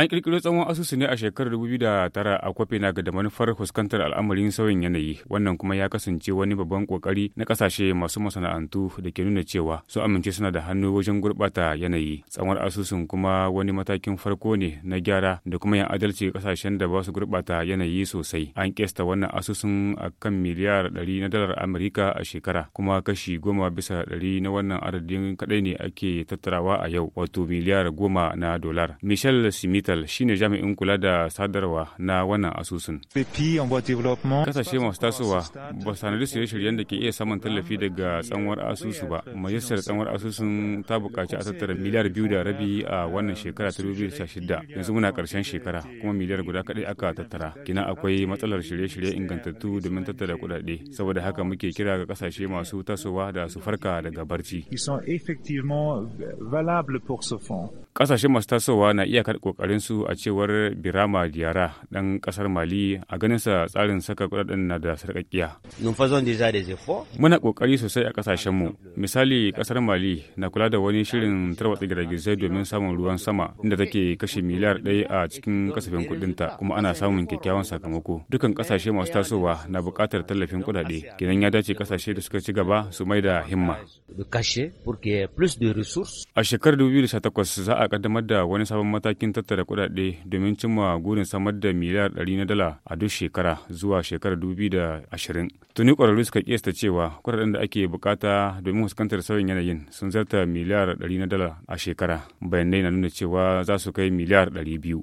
An kirkiro tsawon asusu ne a shekarar tara a Copenhagen da manufar fuskantar al'amarin sauyin yanayi, wannan kuma ya kasance wani babban kokari na kasashe masu masana'antu da ke nuna cewa su amince suna da hannu wajen gurɓata yanayi. Tsawon asusun kuma wani matakin farko ne na gyara da kuma yin adalci kasashen da ba su gurɓata yanayi sosai. An kesta wannan asusun a kan miliyar 100 na dalar Amurka a shekara, kuma kashi goma bisa ɗari na wannan adadin kaɗai ne ake tattarawa a yau, wato miliyar goma na dolar. Michel Smith Patel shine jami'in kula da sadarwa na wannan asusun. Kasashe masu tasowa ba su tanadi shirye-shiryen da ke iya samun tallafi daga tsanwar asusu ba. Majalisar tsanwar asusun ta buƙaci a tattara miliyar biyu da rabi a wannan shekara ta 2016. Yanzu muna ƙarshen shekara kuma miliyar guda kaɗai aka tattara. Kina akwai matsalar shirye-shirye ingantattu domin tattara kuɗaɗe. Saboda haka muke kira ga kasashe masu tasowa da su farka daga barci. kasashe masu tasowa na kokarin su a cewar Birama Diyara dan kasar Mali a ganinsa tsarin saka kudaden na da sarƙaƙiya. Muna ƙoƙari sosai a mu Misali ƙasar Mali na kula da wani shirin tarwatsa giragizai domin samun ruwan sama inda take kashe miliyar ɗaya a cikin kasafin kuɗinta kuma ana samun kyakkyawan sakamako. Dukan kasashe masu tasowa na buƙatar tallafin kudade Kenan ya dace kasashe da suka ci gaba su mai da himma. kashe porque plus de ressources. A shekarar 2018 za a kaddamar da wani sabon matakin tattara kudade domin cimma gurin samar da miliyar 100 na dala a duk shekara zuwa shekarar 2020. Tuni ƙwararru suka kiyasta cewa kudaden da ake bukata domin fuskantar sauyin yanayin sun zarta miliyar 100 na dala a shekara. Bayanai na nuna cewa za su kai miliyar biyu.